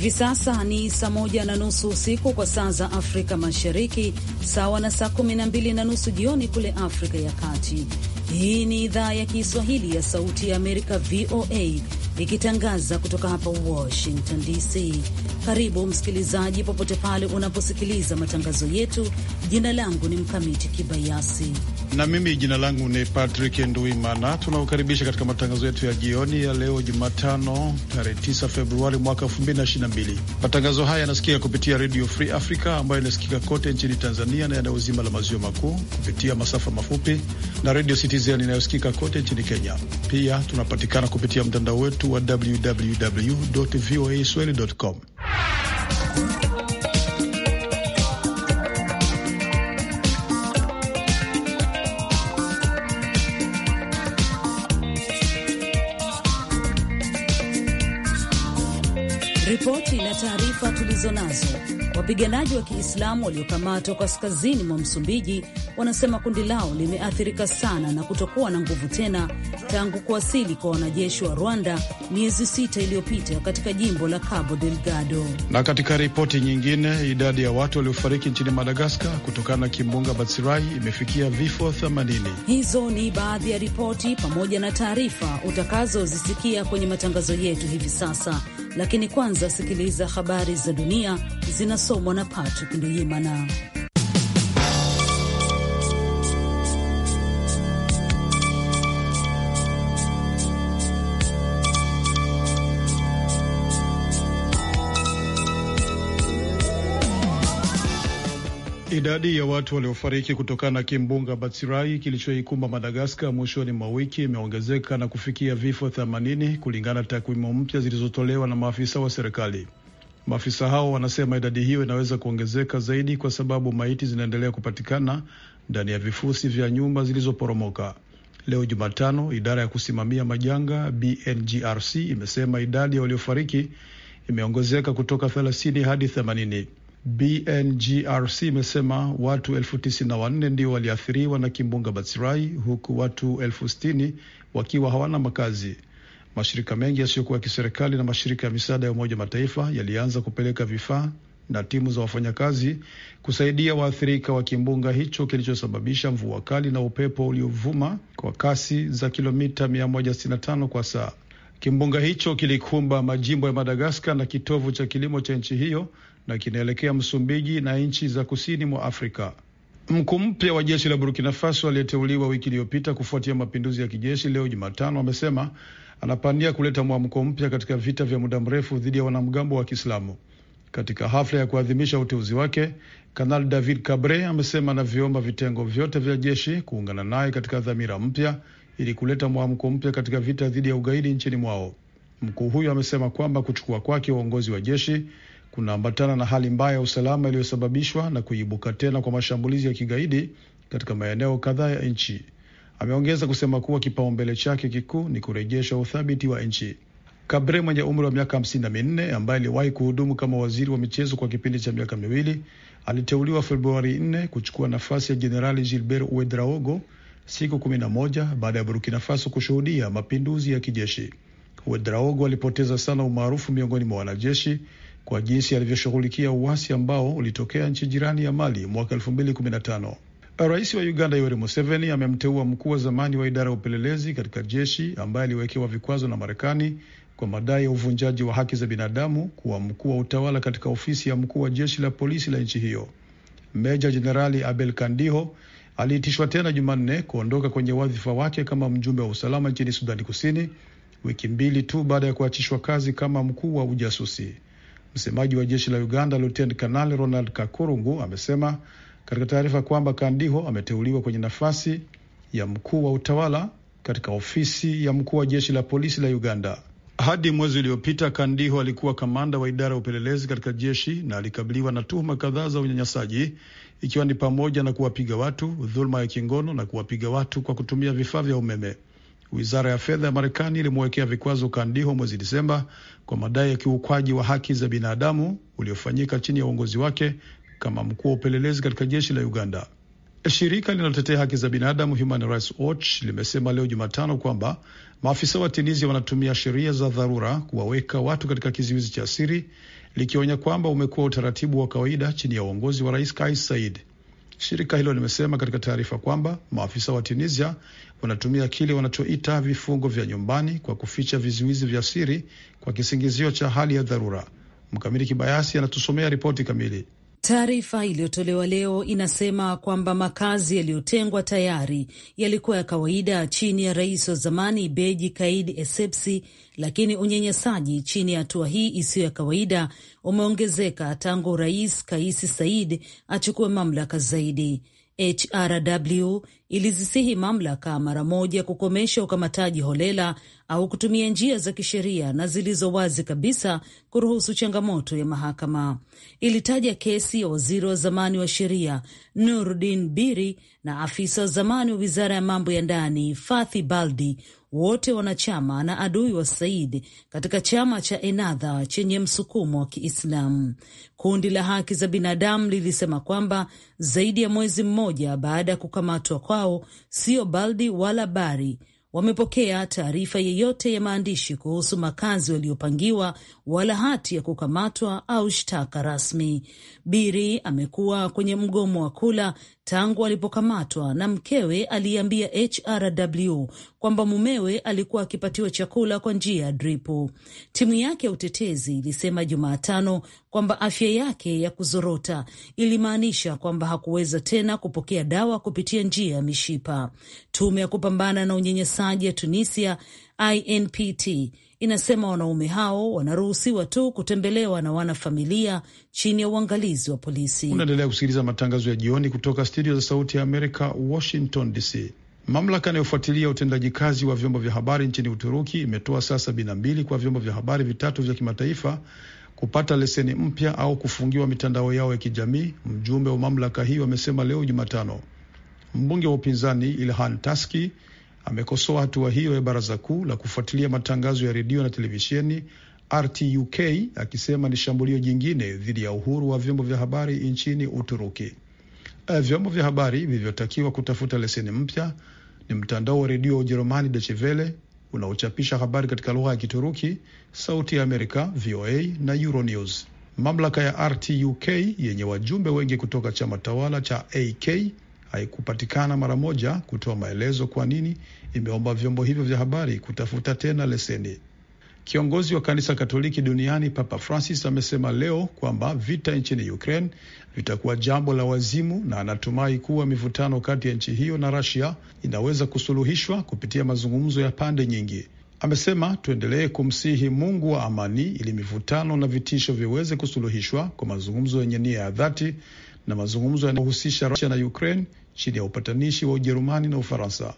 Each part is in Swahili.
Hivi sasa ni saa moja na nusu usiku kwa saa za Afrika Mashariki, sawa na saa kumi na mbili na nusu jioni kule Afrika ya Kati. Hii ni idhaa ya Kiswahili ya Sauti ya Amerika, VOA, ikitangaza kutoka hapa Washington DC. Karibu msikilizaji, popote pale unaposikiliza matangazo yetu. Jina langu ni Mkamiti Kibayasi na mimi jina langu ni Patrick Nduimana. Tunakukaribisha katika matangazo yetu ya jioni ya leo Jumatano, tarehe 9 Februari mwaka 2022. Matangazo haya yanasikika kupitia Radio Free Africa ambayo inasikika kote nchini Tanzania na eneo zima la maziwa makuu kupitia masafa mafupi na Radio Citizen inayosikika kote nchini Kenya. Pia tunapatikana kupitia mtandao wetu wa www voa swahili com taarifa tulizonazo wapiganaji wa Kiislamu waliokamatwa kaskazini mwa Msumbiji wanasema kundi lao limeathirika sana na kutokuwa na nguvu tena tangu kuwasili kwa wanajeshi wa Rwanda miezi sita iliyopita katika jimbo la Cabo Delgado. Na katika ripoti nyingine, idadi ya watu waliofariki nchini Madagaskar kutokana na kimbunga Batsirai imefikia vifo 80. Hizo ni baadhi ya ripoti pamoja na taarifa utakazozisikia kwenye matangazo yetu hivi sasa lakini kwanza sikiliza habari za dunia zinasomwa na Patrick Nduyimana. Idadi ya watu waliofariki kutokana na kimbunga Batsirai kilichoikumba Madagaskar mwishoni mwa wiki imeongezeka na kufikia vifo 80 kulingana na takwimu mpya zilizotolewa na maafisa wa serikali. Maafisa hao wanasema idadi hiyo inaweza kuongezeka zaidi kwa sababu maiti zinaendelea kupatikana ndani ya vifusi vya nyumba zilizoporomoka. Leo Jumatano, idara ya kusimamia majanga BNGRC imesema idadi ya waliofariki imeongezeka kutoka 30 hadi 80. BNGRC imesema watu elfu tisini na wanne ndio waliathiriwa na kimbunga Batsirai, huku watu elfu sitini wakiwa hawana makazi. Mashirika mengi yasiyokuwa ya kiserikali na mashirika ya misaada ya Umoja Mataifa yalianza kupeleka vifaa na timu za wafanyakazi kusaidia waathirika wa kimbunga hicho kilichosababisha mvua kali na upepo uliovuma kwa kasi za kilomita 165 kwa saa. Kimbunga hicho kilikumba majimbo ya Madagaskar na kitovu cha kilimo cha nchi hiyo na kinaelekea Msumbiji na nchi za kusini mwa Afrika. Mkuu mpya wa jeshi la Burkina Faso aliyeteuliwa wiki iliyopita kufuatia mapinduzi ya kijeshi leo Jumatano amesema anapania kuleta mwamko mpya katika vita vya muda mrefu dhidi ya wanamgambo wa Kiislamu. Katika hafla ya kuadhimisha uteuzi wake, Kanali David Cabre amesema anavyoomba vitengo vyote vya jeshi kuungana naye katika dhamira mpya ili kuleta mwamko mpya katika vita dhidi ya ugaidi nchini mwao. Mkuu huyo amesema kwamba kuchukua kwake uongozi wa jeshi kunaambatana na hali mbaya ya usalama iliyosababishwa na kuibuka tena kwa mashambulizi ya kigaidi katika maeneo kadhaa ya nchi. Ameongeza kusema kuwa kipaumbele chake kikuu ni kurejesha uthabiti wa nchi. Kabre mwenye umri wa miaka hamsini na minne ambaye aliwahi kuhudumu kama waziri wa michezo kwa kipindi cha miaka miwili aliteuliwa Februari nne kuchukua nafasi ya Jenerali Gilbert Uedraogo siku kumi na moja baada ya Burkina Faso kushuhudia mapinduzi ya kijeshi. Uedraogo alipoteza sana umaarufu miongoni mwa wanajeshi kwa jinsi alivyoshughulikia uasi ambao ulitokea nchi jirani ya Mali mwaka tano. Rais wa Uganda Yoweri Museveni amemteua mkuu wa zamani wa idara ya upelelezi katika jeshi ambaye aliwekewa vikwazo na Marekani kwa madai ya uvunjaji wa haki za binadamu kuwa mkuu wa utawala katika ofisi ya mkuu wa jeshi la polisi la nchi hiyo. Meja Jenerali Abel Kandiho aliitishwa tena Jumanne kuondoka kwenye wadhifa wake kama mjumbe wa usalama nchini Sudani Kusini, wiki mbili tu baada ya kuachishwa kazi kama mkuu wa ujasusi. Msemaji wa jeshi la Uganda Luteni Kanali Ronald Kakurungu amesema katika taarifa kwamba Kandiho ameteuliwa kwenye nafasi ya mkuu wa utawala katika ofisi ya mkuu wa jeshi la polisi la Uganda. Hadi mwezi uliopita, Kandiho alikuwa kamanda wa idara ya upelelezi katika jeshi na alikabiliwa na tuhuma kadhaa za unyanyasaji, ikiwa ni pamoja na kuwapiga watu, dhuluma ya kingono na kuwapiga watu kwa kutumia vifaa vya umeme. Wizara ya fedha ya Marekani ilimwekea vikwazo Kandiho mwezi Disemba kwa madai ya kiukwaji wa haki za binadamu uliofanyika chini ya uongozi wake kama mkuu wa upelelezi katika jeshi la Uganda. Shirika linalotetea haki za binadamu Human Rights Watch limesema leo Jumatano kwamba maafisa wa Tunisia wanatumia sheria za dharura kuwaweka watu katika kizuizi cha siri, likionya kwamba umekuwa utaratibu wa kawaida chini ya uongozi wa Rais Kais Shirika hilo limesema katika taarifa kwamba maafisa wa Tunisia wanatumia kile wanachoita vifungo vya nyumbani kwa kuficha vizuizi vya siri kwa kisingizio cha hali ya dharura. Mkamili Kibayasi anatusomea ripoti kamili. Taarifa iliyotolewa leo inasema kwamba makazi yaliyotengwa tayari yalikuwa ya kawaida chini ya rais wa zamani Beji Kaid Esepsi, lakini unyanyasaji chini ya hatua hii isiyo ya kawaida umeongezeka tangu Rais Kaisi Said achukue mamlaka zaidi. HRW ilizisihi mamlaka mara moja kukomesha ukamataji holela au kutumia njia za kisheria na zilizo wazi kabisa kuruhusu changamoto ya mahakama. Ilitaja kesi ya waziri wa zamani wa sheria Nurdin Biri na afisa wa zamani wa wizara ya mambo ya ndani Fathi Baldi wote wanachama na adui wa Said katika chama cha Enadha chenye msukumo wa Kiislamu. Kundi la haki za binadamu lilisema kwamba zaidi ya mwezi mmoja baada ya kukamatwa kwao, sio Baldi wala Bari wamepokea taarifa yeyote ya maandishi kuhusu makazi waliopangiwa wala hati ya kukamatwa au shtaka rasmi. Biri amekuwa kwenye mgomo wa kula tangu alipokamatwa, na mkewe aliambia HRW kwamba mumewe alikuwa akipatiwa chakula kwa njia ya dripu. Timu yake ya utetezi ilisema Jumatano kwamba afya yake ya kuzorota ilimaanisha kwamba hakuweza tena kupokea dawa kupitia njia ya mishipa. Tume ya kupambana na unyanyasaji ya Tunisia INPT inasema wanaume hao wanaruhusiwa tu kutembelewa na wanafamilia chini ya uangalizi wa polisi. Unaendelea kusikiliza matangazo ya jioni kutoka studio za Sauti ya Amerika, Washington DC. Mamlaka inayofuatilia utendaji kazi wa vyombo vya habari nchini Uturuki imetoa saa sabini na mbili kwa vyombo vya habari vitatu vya kimataifa kupata leseni mpya au kufungiwa mitandao yao ya kijamii. Mjumbe wa mamlaka hiyo amesema leo Jumatano. Mbunge wa upinzani Ilhan Taski amekosoa hatua hiyo ya baraza kuu la kufuatilia matangazo ya redio na televisheni RTUK akisema ni shambulio jingine dhidi ya uhuru wa vyombo vya habari nchini Uturuki. E, vyombo vya habari vilivyotakiwa kutafuta leseni mpya ni mtandao wa redio wa Ujerumani Deutsche Welle unaochapisha habari katika lugha ya Kituruki, Sauti ya Amerika VOA na Euronews. Mamlaka ya RTUK yenye wajumbe wengi kutoka chama tawala cha AK haikupatikana mara moja kutoa maelezo kwa nini imeomba vyombo hivyo vya habari kutafuta tena leseni. Kiongozi wa kanisa Katoliki duniani Papa Francis amesema leo kwamba vita nchini Ukraine vitakuwa jambo la wazimu na anatumai kuwa mivutano kati ya nchi hiyo na Russia inaweza kusuluhishwa kupitia mazungumzo ya pande nyingi. Amesema tuendelee kumsihi Mungu wa amani ili mivutano na vitisho viweze kusuluhishwa kwa mazungumzo yenye nia ya dhati na mazungumzo yanayohusisha Rusia na Ukraine chini ya upatanishi wa Ujerumani na Ufaransa.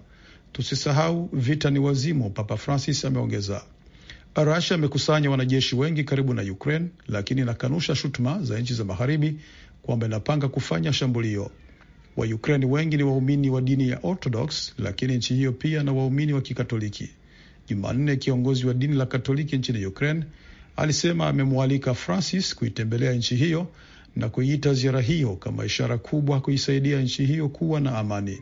Tusisahau vita ni wazimu, Papa Francis ameongeza. Rusia amekusanya wanajeshi wengi karibu na Ukraine, lakini inakanusha shutuma za nchi za magharibi kwamba inapanga kufanya shambulio. Waukraini wengi ni waumini wa dini ya Orthodox, lakini nchi hiyo pia na waumini wa Kikatoliki. Jumanne, kiongozi wa dini la Katoliki nchini Ukraine alisema amemwalika Francis kuitembelea nchi hiyo na kuiita ziara hiyo kama ishara kubwa kuisaidia nchi hiyo kuwa na amani.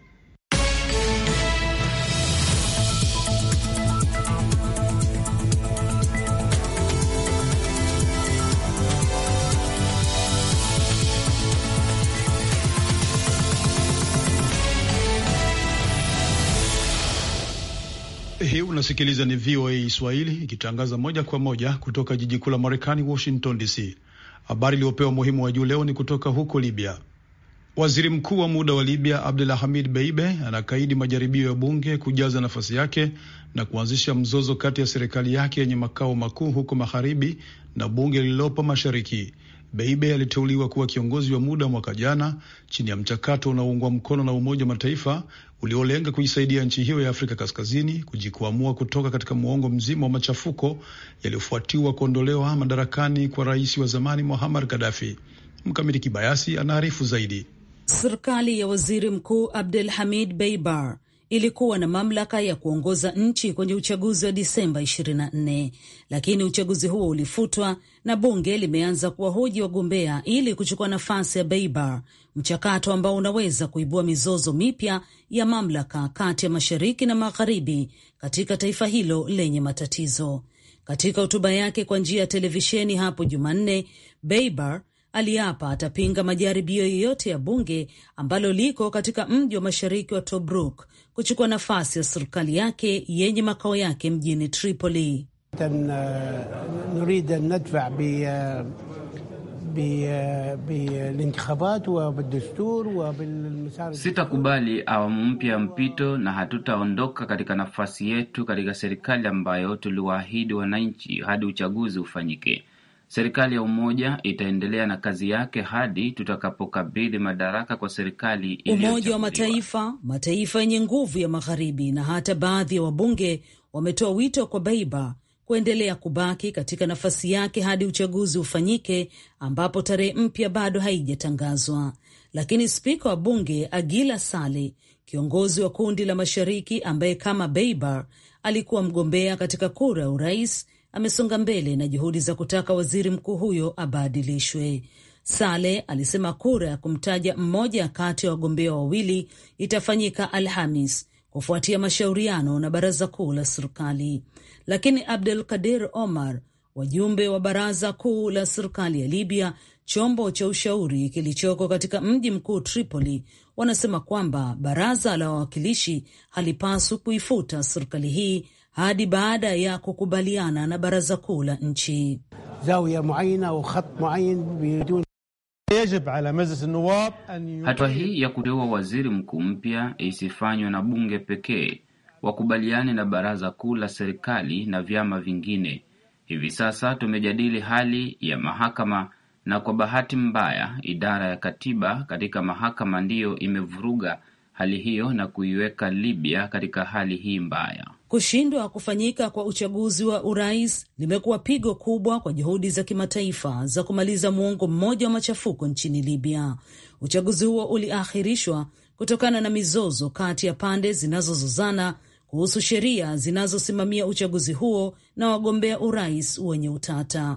Hii unasikiliza ni VOA Swahili ikitangaza moja kwa moja kutoka jiji kuu la Marekani, Washington DC. Habari iliyopewa umuhimu wa juu leo ni kutoka huko Libya. Waziri mkuu wa muda wa Libya Abdulhamid Beibe anakaidi majaribio ya bunge kujaza nafasi yake na kuanzisha mzozo kati ya serikali yake yenye makao makuu huko magharibi na bunge lililopo mashariki. Beibe aliteuliwa kuwa kiongozi wa muda mwaka jana chini ya mchakato unaoungwa mkono na Umoja wa Mataifa uliolenga kuisaidia nchi hiyo ya Afrika Kaskazini kujikwamua kutoka katika muongo mzima wa machafuko yaliyofuatiwa kuondolewa madarakani kwa rais wa zamani Muhammad Gaddafi. Mkamiti Kibayasi anaarifu zaidi. Serikali ya waziri mkuu Abdul Hamid Beibar ilikuwa na mamlaka ya kuongoza nchi kwenye uchaguzi wa Disemba 24, lakini uchaguzi huo ulifutwa na bunge limeanza kuwahoji wagombea ili kuchukua nafasi ya Beibar, mchakato ambao unaweza kuibua mizozo mipya ya mamlaka kati ya mashariki na magharibi katika taifa hilo lenye matatizo. Katika hotuba yake kwa njia ya televisheni hapo Jumanne, Beibar aliapa atapinga majaribio yoyote ya bunge ambalo liko katika mji wa mashariki wa Tobruk kuchukua nafasi ya serikali yake yenye makao yake mjini Tripoli. Sitakubali awamu mpya ya mpito na hatutaondoka katika nafasi yetu katika serikali ambayo tuliwaahidi wananchi hadi uchaguzi ufanyike. Serikali ya umoja itaendelea na kazi yake hadi tutakapokabidhi madaraka kwa serikali Umoja wa Mataifa, mataifa yenye nguvu ya Magharibi na hata baadhi ya wabunge wametoa wito kwa Baiba kuendelea kubaki katika nafasi yake hadi uchaguzi ufanyike, ambapo tarehe mpya bado haijatangazwa. Lakini spika wa bunge Agila Sale, kiongozi wa kundi la Mashariki ambaye kama Beibar alikuwa mgombea katika kura ya urais amesonga mbele na juhudi za kutaka waziri mkuu huyo abadilishwe. sale alisema kura ya kumtaja mmoja kati ya wagombea wawili itafanyika Alhamis kufuatia mashauriano na baraza kuu la serikali, lakini Abdul Kadir Omar, wajumbe wa baraza kuu la serikali ya Libya, chombo cha ushauri kilichoko katika mji mkuu Tripoli, wanasema kwamba baraza la wawakilishi halipaswi kuifuta serikali hii hadi baada ya kukubaliana na baraza kuu la nchi. Hatua hii ya kuteua waziri mkuu mpya isifanywe na bunge pekee, wakubaliane na baraza kuu la serikali na vyama vingine. Hivi sasa tumejadili hali ya mahakama, na kwa bahati mbaya idara ya katiba katika mahakama ndiyo imevuruga hali hiyo na kuiweka Libya katika hali hii mbaya. Kushindwa kufanyika kwa uchaguzi wa urais limekuwa pigo kubwa kwa juhudi za kimataifa za kumaliza muongo mmoja wa machafuko nchini Libya. Uchaguzi huo uliahirishwa kutokana na mizozo kati ya pande zinazozozana kuhusu sheria zinazosimamia uchaguzi huo na wagombea urais wenye utata.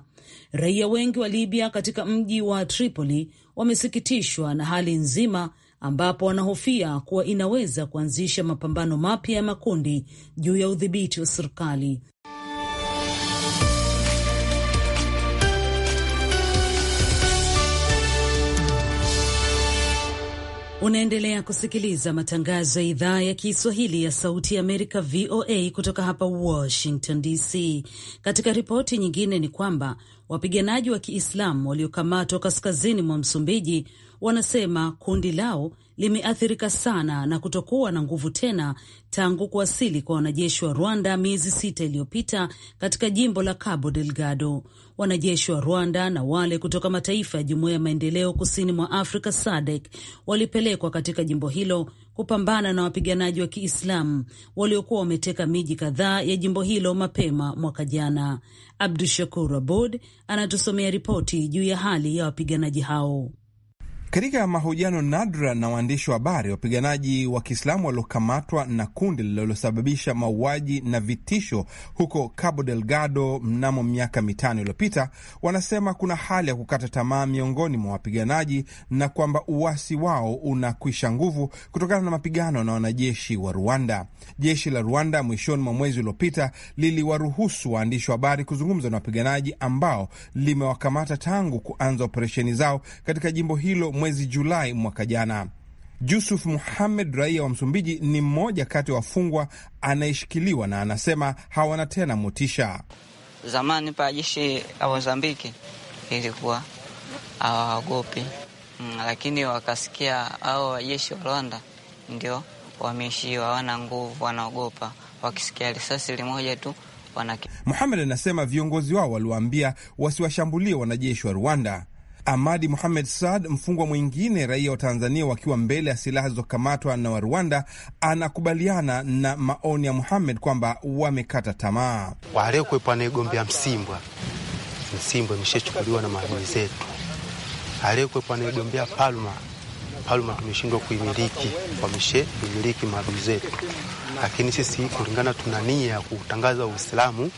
Raia wengi wa Libya katika mji wa Tripoli wamesikitishwa na hali nzima ambapo wanahofia kuwa inaweza kuanzisha mapambano mapya ya makundi juu ya udhibiti wa serikali. Unaendelea kusikiliza matangazo ya idhaa ya Kiswahili ya Sauti ya Amerika, VOA, kutoka hapa Washington DC. Katika ripoti nyingine ni kwamba wapiganaji wa Kiislamu waliokamatwa kaskazini mwa Msumbiji wanasema kundi lao limeathirika sana na kutokuwa na nguvu tena tangu kuwasili kwa wanajeshi wa Rwanda miezi sita iliyopita katika jimbo la Cabo Delgado. Wanajeshi wa Rwanda na wale kutoka mataifa ya Jumuiya ya Maendeleo Kusini mwa Afrika SADC walipelekwa katika jimbo hilo kupambana na wapiganaji wa Kiislamu waliokuwa wameteka miji kadhaa ya jimbo hilo mapema mwaka jana. Abdu Shakur Abod anatusomea ripoti juu ya hali ya wapiganaji hao. Katika mahojiano nadra na waandishi wa habari, wapiganaji wa Kiislamu waliokamatwa na kundi lililosababisha mauaji na vitisho huko Cabo Delgado mnamo miaka mitano iliyopita, wanasema kuna hali ya kukata tamaa miongoni mwa wapiganaji na kwamba uasi wao unakwisha nguvu kutokana na mapigano na wanajeshi wa Rwanda. Jeshi la Rwanda mwishoni mwa mwezi uliopita liliwaruhusu waandishi wa habari kuzungumza na wapiganaji ambao limewakamata tangu kuanza operesheni zao katika jimbo hilo mwezi Julai mwaka jana. Jusuf Muhammed, raia wa Msumbiji, ni mmoja kati ya wafungwa anayeshikiliwa na anasema hawana tena motisha. Zamani pa jeshi la Mozambiki ilikuwa hawaogopi, mm, lakini wakasikia ao wajeshi wa Rwanda ndio wameishiwa, hawana nguvu, wanaogopa, wakisikia risasi limoja tu wanaki. Muhamed anasema viongozi wao waliwaambia wasiwashambulie wanajeshi wa Rwanda Amadi muhamed Saad, mfungwa mwingine raia wa Tanzania, wakiwa mbele ya silaha zilizokamatwa na wa rwanda anakubaliana na maoni ya Muhamed kwamba wamekata tamaa. Waliokuwepo anayegombea Msimbwa, Msimbwa imeshachukuliwa na maadui zetu. Aliyekuwepo anayegombea Palma, Palma tumeshindwa kuimiliki, wameshaimiliki maadui zetu. Lakini sisi kulingana, tuna nia ya kutangaza Uislamu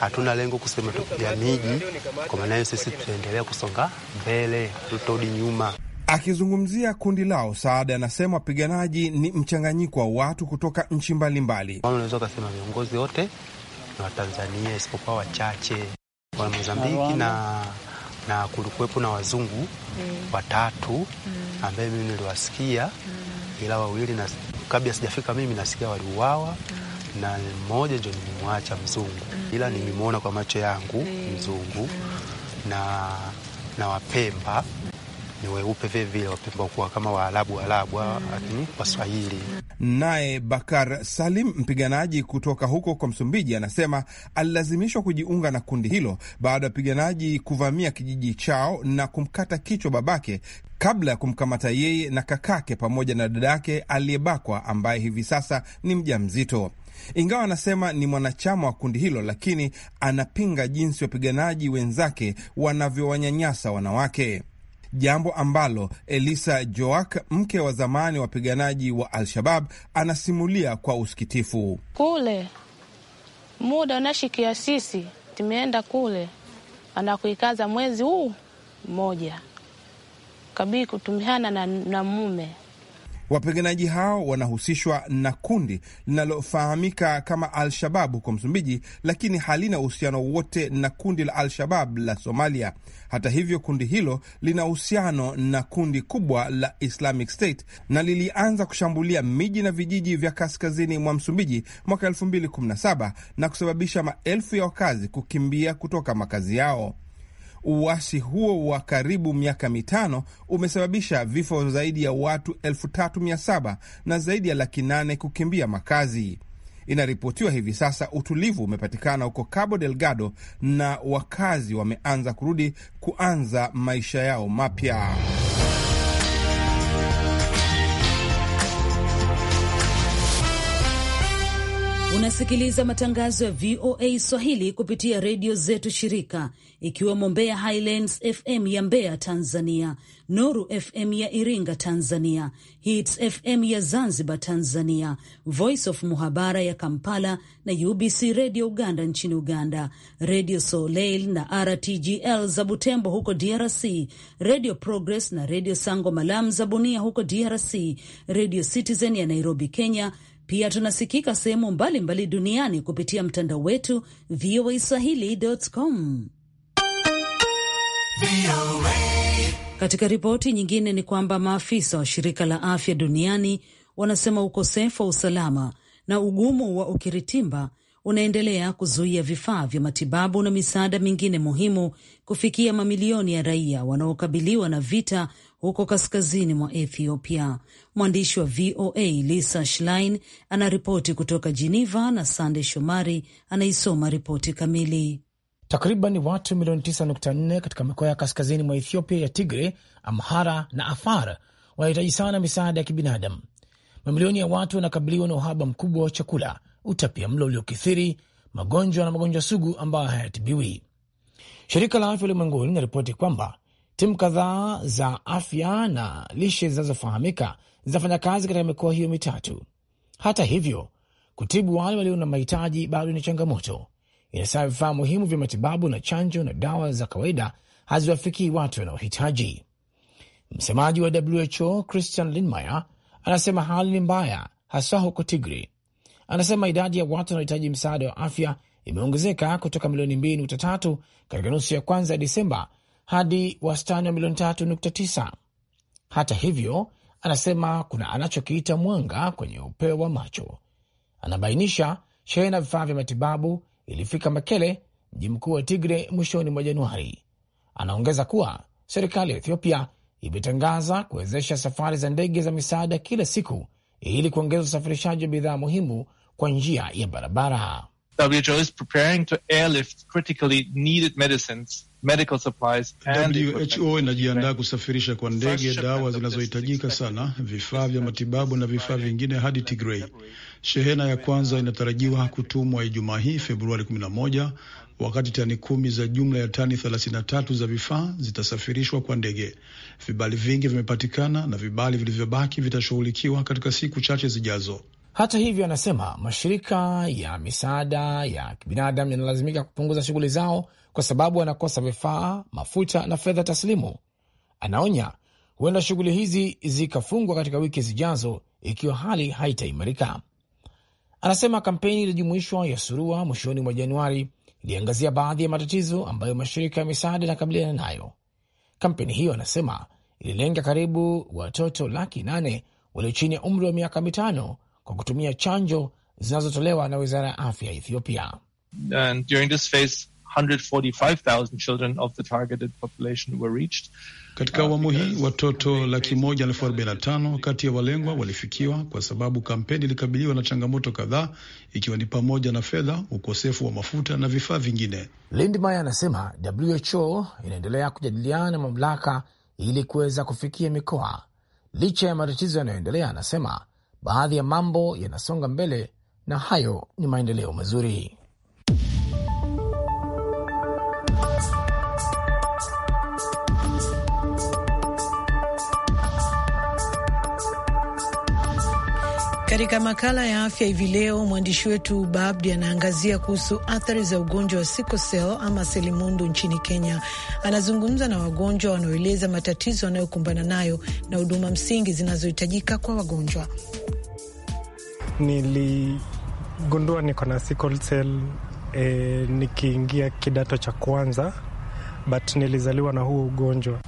hatuna lengo kusema tukuja miji, kwa maana hiyo sisi tutaendelea kusonga mbele, tutarudi nyuma. Akizungumzia kundi lao Saada anasema wapiganaji ni mchanganyiko wa watu kutoka nchi mbalimbali. Unaweza ukasema viongozi wote ni Watanzania isipokuwa wachache wa Mozambiki na na kulikuwepo na wazungu mm. watatu mm. ambaye mimi niliwasikia mm. ila wawili na kabla sijafika mimi nasikia waliuawa mm na mmoja ndio nimemwacha mzungu, mm-hmm. ila nimemwona kwa macho yangu eh. mzungu na na Wapemba ni weupe vilevile, Wapemba kuwa kama Waarabu Waarabu, mm-hmm. lakini Waswahili. Naye Bakar Salim, mpiganaji kutoka huko kwa Msumbiji, anasema alilazimishwa kujiunga na kundi hilo baada ya wapiganaji kuvamia kijiji chao na kumkata kichwa babake kabla ya kumkamata yeye na kakake pamoja na dadake aliyebakwa, ambaye hivi sasa ni mjamzito. Ingawa anasema ni mwanachama wa kundi hilo, lakini anapinga jinsi wapiganaji wenzake wanavyowanyanyasa wanawake, jambo ambalo Elisa Joak, mke wa zamani wa wapiganaji wa Al-Shabab, anasimulia kwa usikitifu. Kule muda unashikia sisi, tumeenda kule, anakuikaza mwezi huu mmoja kabii kutumiana na, na mume Wapiganaji hao wanahusishwa na kundi linalofahamika kama Al-Shabab huko Msumbiji, lakini halina uhusiano wote na kundi la Al-Shabab la Somalia. Hata hivyo, kundi hilo lina uhusiano na kundi kubwa la Islamic State na lilianza kushambulia miji na vijiji vya kaskazini mwa Msumbiji mwaka 2017 na kusababisha maelfu ya wakazi kukimbia kutoka makazi yao. Uasi huo wa karibu miaka mitano umesababisha vifo zaidi ya watu elfu tatu mia saba na zaidi ya laki nane kukimbia makazi. Inaripotiwa hivi sasa utulivu umepatikana huko Cabo Delgado na wakazi wameanza kurudi kuanza maisha yao mapya. Unasikiliza matangazo ya VOA Swahili kupitia redio zetu shirika, ikiwemo Mbeya Highlands FM ya Mbeya Tanzania, Noru FM ya Iringa Tanzania, Hits FM ya Zanzibar Tanzania, Voice of Muhabara ya Kampala na UBC Redio Uganda nchini Uganda, Redio Soleil na RTGL za Butembo huko DRC, Redio Progress na Redio Sango Malam za Bunia huko DRC, Redio Citizen ya Nairobi, Kenya, pia tunasikika sehemu mbalimbali duniani kupitia mtandao wetu VOA Swahili.com. Katika ripoti nyingine ni kwamba maafisa wa shirika la afya duniani wanasema ukosefu wa usalama na ugumu wa ukiritimba unaendelea kuzuia vifaa vya matibabu na misaada mingine muhimu kufikia mamilioni ya raia wanaokabiliwa na vita huko kaskazini mwa Ethiopia. Mwandishi wa VOA Lisa Schlein anaripoti kutoka Geneva na Sande Shomari anaisoma ripoti kamili. Takriban watu milioni 9.4 katika mikoa ya kaskazini mwa Ethiopia ya Tigre, Amhara na Afar wanahitaji sana misaada ya kibinadamu. Mamilioni ya watu wanakabiliwa na uhaba mkubwa wa chakula utapia mlo uliokithiri, magonjwa na magonjwa sugu ambayo hayatibiwi. Shirika la Afya Ulimwenguni linaripoti kwamba timu kadhaa za afya na lishe zinazofahamika zinafanya kazi katika mikoa hiyo mitatu. Hata hivyo, kutibu wale walio na mahitaji bado ni changamoto. Inasema vifaa muhimu vya matibabu na chanjo na dawa za kawaida haziwafikii watu wanaohitaji. Msemaji wa WHO Christian Lindmeier anasema hali ni mbaya, haswa huko Tigri anasema idadi ya watu wanaohitaji msaada wa afya imeongezeka kutoka milioni 2.3 katika nusu ya kwanza ya Disemba hadi wastani wa milioni 3.9. Hata hivyo, anasema kuna anachokiita mwanga kwenye upeo wa macho. Anabainisha shehena na vifaa vya matibabu ilifika Mekele, mji mkuu wa Tigre, mwishoni mwa Januari. Anaongeza kuwa serikali ya Ethiopia imetangaza kuwezesha safari za ndege za misaada kila siku ili kuongeza usafirishaji wa bidhaa muhimu kwa njia ya barabara. WHO is preparing to airlift critically needed medicines medical supplies. WHO inajiandaa kusafirisha kwa ndege dawa zinazohitajika sana, vifaa vya matibabu na vifaa vingine hadi Tigray. Shehena ya kwanza inatarajiwa kutumwa Ijumaa hii Februari 11, wakati tani kumi za jumla ya tani 33 za vifaa zitasafirishwa kwa ndege. Vibali vingi vimepatikana na vibali vilivyobaki vitashughulikiwa katika siku chache zijazo. Hata hivyo, anasema mashirika ya misaada ya kibinadamu yanalazimika kupunguza shughuli zao kwa sababu wanakosa vifaa, mafuta na fedha taslimu. Anaonya huenda shughuli hizi zikafungwa katika wiki zijazo ikiwa hali haitaimarika. Anasema kampeni iliyojumuishwa ya surua mwishoni mwa Januari iliangazia baadhi ya matatizo ambayo mashirika ya misaada yanakabiliana nayo. Kampeni hiyo, anasema, ililenga karibu watoto laki nane walio chini ya umri wa miaka mitano kwa kutumia chanjo zinazotolewa na wizara ya afya ya Ethiopia. And during this phase, 145,000 children of the targeted population were reached. Katika awamu hii watoto laki moja elfu arobaini na tano kati ya walengwa walifikiwa, kwa sababu kampeni ilikabiliwa na changamoto kadhaa, ikiwa ni pamoja na fedha, ukosefu wa mafuta na vifaa vingine. Lindmyer anasema WHO inaendelea kujadiliana na mamlaka ili kuweza kufikia mikoa licha ya matatizo yanayoendelea. Anasema baadhi ya mambo yanasonga mbele na hayo ni maendeleo mazuri. Katika makala ya afya hivi leo, mwandishi wetu Babdi anaangazia kuhusu athari za ugonjwa wa sikosel ama selimundu nchini Kenya. Anazungumza na wagonjwa wanaoeleza matatizo wanayokumbana nayo na huduma msingi zinazohitajika kwa wagonjwa. Niligundua niko na sikosel eh, nikiingia kidato cha kwanza, but nilizaliwa na huo ugonjwa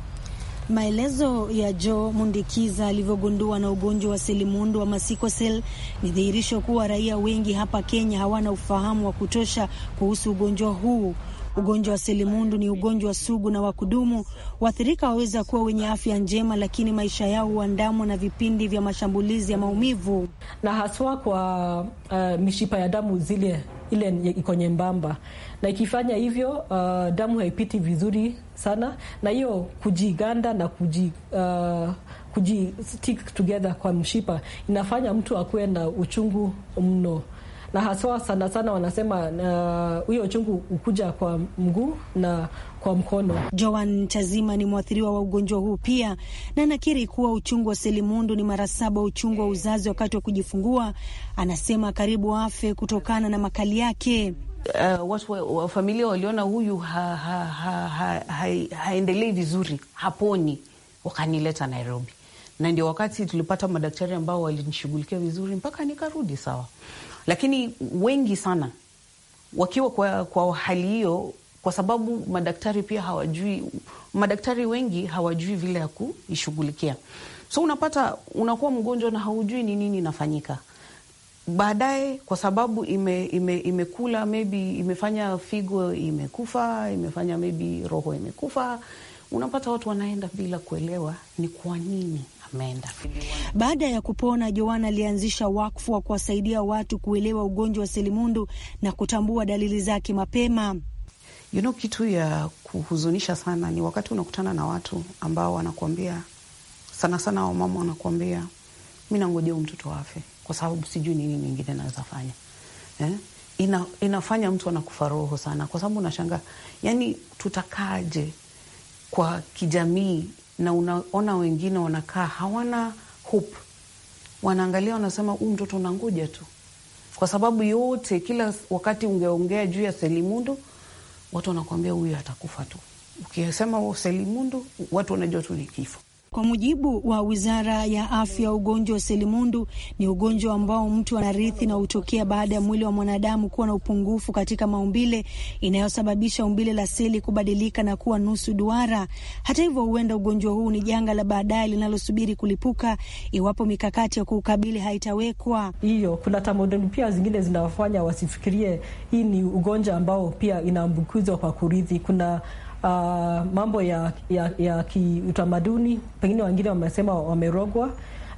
Maelezo ya Joe Mundikiza alivyogundua na ugonjwa wa selimundu wa masiko sel ni dhihirisho kuwa raia wengi hapa Kenya hawana ufahamu wa kutosha kuhusu ugonjwa huu. Ugonjwa wa selimundu ni ugonjwa sugu na wa kudumu. Waathirika waweza kuwa wenye afya njema, lakini maisha yao huandamwa na vipindi vya mashambulizi ya maumivu na haswa kwa uh, mishipa ya damu zile ile iko nyembamba, na ikifanya hivyo uh, damu haipiti vizuri sana, na hiyo kujiganda na kuji uh, kuji stick together kwa mshipa inafanya mtu akuwe na uchungu mno na haswa sana sana wanasema huyo uh, uchungu ukuja kwa mguu na kwa mkono. Joan Chazima ni mwathiriwa wa ugonjwa huu pia na anakiri kuwa uchungu wa selimundu ni mara saba uchungu wa uzazi wakati wa kujifungua. Anasema karibu afe kutokana na makali yake. Uh, watu wa, wa familia waliona huyu haendelei ha, ha, ha, ha, haendelei vizuri, haponi, wakanileta Nairobi na ndio wakati tulipata madaktari ambao walinishughulikia vizuri mpaka nikarudi sawa. Lakini wengi sana wakiwa kwa, kwa hali hiyo kwa sababu madaktari pia hawajui, madaktari wengi hawajui vile ya kuishughulikia. So unapata unakuwa mgonjwa na haujui ni nini inafanyika baadaye, kwa sababu ime, ime, imekula maybe imefanya figo imekufa, imefanya maybe roho imekufa. Unapata watu wanaenda bila kuelewa ni kwa nini ameenda. Baada ya kupona, Joana alianzisha wakfu wa kuwasaidia watu kuelewa ugonjwa wa selimundu na kutambua dalili zake mapema you know, kitu ya kuhuzunisha sana ni wakati unakutana na watu ambao wanakuambia sana sana, wamama wanakuambia mi nangojea mtoto afe kwa sababu sijui nini mingine naweza fanya eh? Ina, inafanya mtu anakufa roho sana, kwa sababu unashanga, yani tutakaaje kwa kijamii, na unaona wengine wanakaa hawana hope, wanaangalia wanasema, huu mtoto unangoja tu, kwa sababu yote kila wakati ungeongea juu ya Selimundu watu wanakuambia huyu atakufa tu. Ukisema selimundu, watu wanajua tu ni kifo. Kwa mujibu wa wizara ya afya, ugonjwa wa selimundu ni ugonjwa ambao mtu anarithi na hutokea baada ya mwili wa mwanadamu kuwa na upungufu katika maumbile inayosababisha umbile la seli kubadilika na kuwa nusu duara. Hata hivyo, huenda ugonjwa huu ni janga la baadaye linalosubiri kulipuka iwapo mikakati ya kuukabili haitawekwa. Hiyo kuna tamaduni pia zingine zinawafanya wasifikirie hii ni ugonjwa ambao pia inaambukizwa kwa kurithi. Kuna uh, mambo ya, ya, ya kiutamaduni, pengine wengine wamesema wamerogwa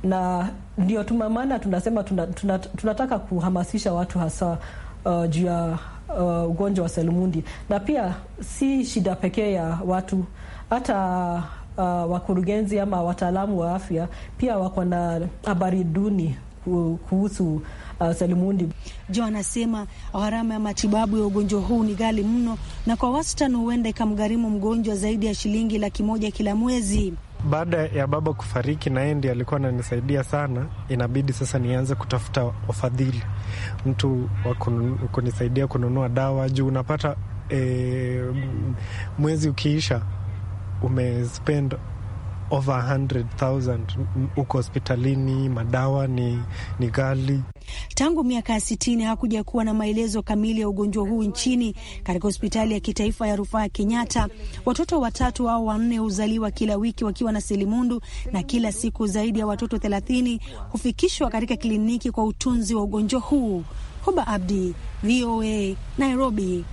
na ndio tumamana tunasema tuna, tuna, tunataka kuhamasisha watu hasa uh, juu ya uh, ugonjwa wa selumundi na pia si shida pekee ya watu hata uh, wakurugenzi ama wataalamu wa afya pia wako na habari duni kuhusu uh, Salimundi. Jo anasema gharama ya matibabu ya ugonjwa huu ni ghali mno, na kwa wastani huenda ikamgharimu mgonjwa zaidi ya shilingi laki moja kila mwezi. Baada ya baba kufariki, na yeye ndiye alikuwa ananisaidia sana, inabidi sasa nianze kutafuta wafadhili, mtu wa kunisaidia kununua dawa juu unapata e, mwezi ukiisha umespend over 100,000 huko hospitalini, madawa ni, ni ghali. Tangu miaka ya sitini hakuja kuwa na maelezo kamili ya ugonjwa huu nchini. Katika hospitali ya kitaifa ya rufaa ya Kenyatta, watoto watatu au wanne huzaliwa kila wiki wakiwa na selimundu, na kila siku zaidi ya watoto thelathini hufikishwa katika kliniki kwa utunzi wa ugonjwa huu. Huba Abdi, VOA, Nairobi.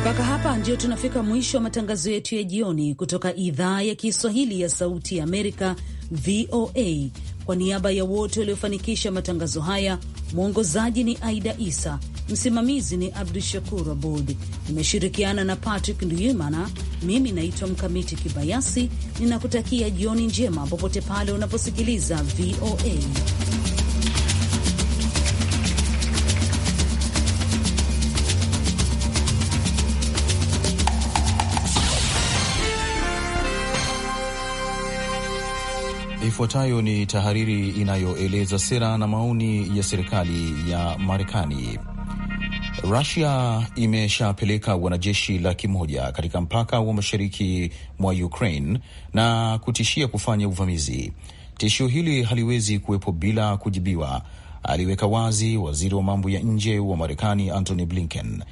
Mpaka hapa ndio tunafika mwisho wa matangazo yetu ya jioni kutoka idhaa ya Kiswahili ya Sauti ya Amerika, VOA. Kwa niaba ya wote waliofanikisha matangazo haya, mwongozaji ni Aida Isa, msimamizi ni Abdu Shakur Abud, nimeshirikiana na Patrick Nduyimana. Mimi naitwa Mkamiti Kibayasi, ninakutakia jioni njema popote pale unaposikiliza VOA. Ifuatayo ni tahariri inayoeleza sera na maoni ya serikali ya Marekani. Rusia imeshapeleka wanajeshi laki moja katika mpaka wa mashariki mwa Ukraine na kutishia kufanya uvamizi. Tishio hili haliwezi kuwepo bila kujibiwa, aliweka wazi waziri wa mambo ya nje wa Marekani Antony Blinken.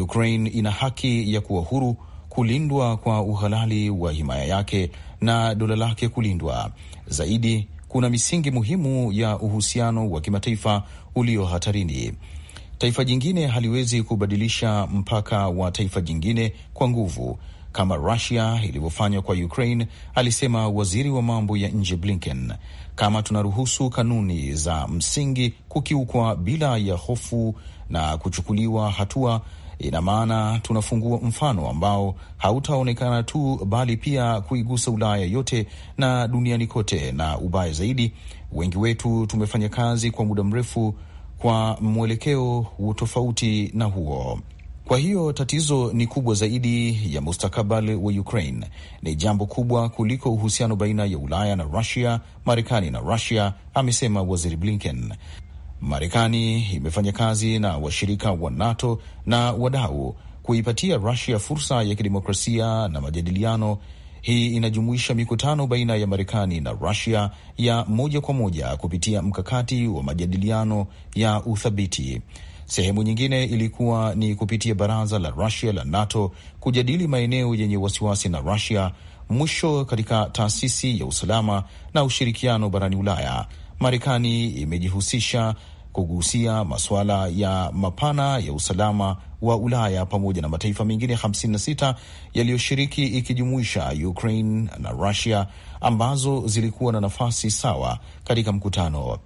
Ukraine ina haki ya kuwa huru kulindwa kwa uhalali wa himaya yake na dola lake kulindwa zaidi. Kuna misingi muhimu ya uhusiano wa kimataifa ulio hatarini. Taifa jingine haliwezi kubadilisha mpaka wa taifa jingine kwa nguvu kama Rusia ilivyofanywa kwa Ukraine, alisema waziri wa mambo ya nje Blinken. Kama tunaruhusu kanuni za msingi kukiukwa bila ya hofu na kuchukuliwa hatua, Ina maana tunafungua mfano ambao hautaonekana tu, bali pia kuigusa Ulaya yote na duniani kote, na ubaya zaidi, wengi wetu tumefanya kazi kwa muda mrefu kwa mwelekeo tofauti na huo. Kwa hiyo tatizo ni kubwa zaidi ya mustakabali wa Ukraine, ni jambo kubwa kuliko uhusiano baina ya Ulaya na Rusia, Marekani na Rusia, amesema Waziri Blinken. Marekani imefanya kazi na washirika wa NATO na wadau kuipatia Rusia fursa ya kidemokrasia na majadiliano. Hii inajumuisha mikutano baina ya Marekani na Rusia ya moja kwa moja kupitia mkakati wa majadiliano ya uthabiti. Sehemu nyingine ilikuwa ni kupitia baraza la Rusia la NATO kujadili maeneo yenye wasiwasi na Rusia. Mwisho, katika taasisi ya usalama na ushirikiano barani Ulaya, Marekani imejihusisha kugusia masuala ya mapana ya usalama wa Ulaya pamoja na mataifa mengine 56 yaliyoshiriki ikijumuisha Ukraine na Russia ambazo zilikuwa na nafasi sawa katika mkutano.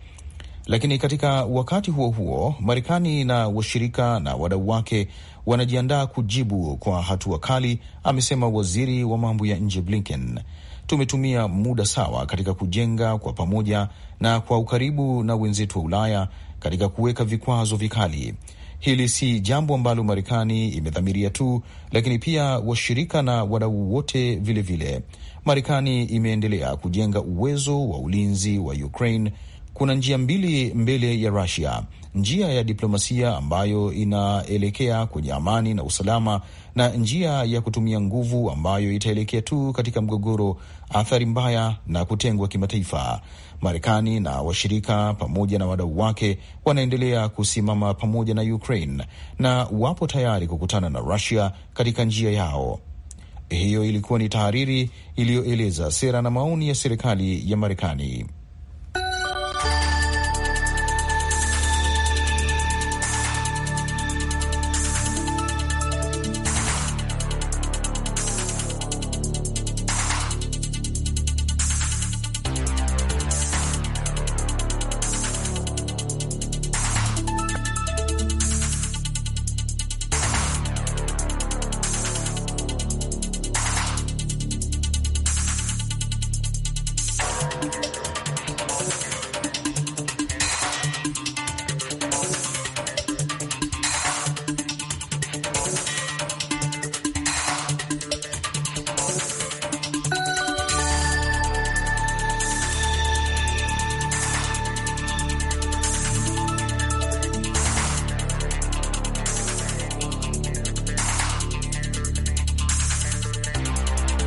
Lakini katika wakati huo huo, Marekani na washirika na wadau wake wanajiandaa kujibu kwa hatua kali, amesema waziri wa mambo ya nje Blinken. Tumetumia muda sawa katika kujenga kwa pamoja na kwa ukaribu na wenzetu wa Ulaya katika kuweka vikwazo vikali. Hili si jambo ambalo Marekani imedhamiria tu, lakini pia washirika na wadau wote vilevile. Marekani imeendelea kujenga uwezo wa ulinzi wa Ukraine. Kuna njia mbili mbele ya Russia: njia ya diplomasia ambayo inaelekea kwenye amani na usalama, na njia ya kutumia nguvu ambayo itaelekea tu katika mgogoro, athari mbaya na kutengwa kimataifa. Marekani na washirika pamoja na wadau wake wanaendelea kusimama pamoja na Ukraine na wapo tayari kukutana na Rusia katika njia yao. Hiyo ilikuwa ni tahariri iliyoeleza sera na maoni ya serikali ya Marekani.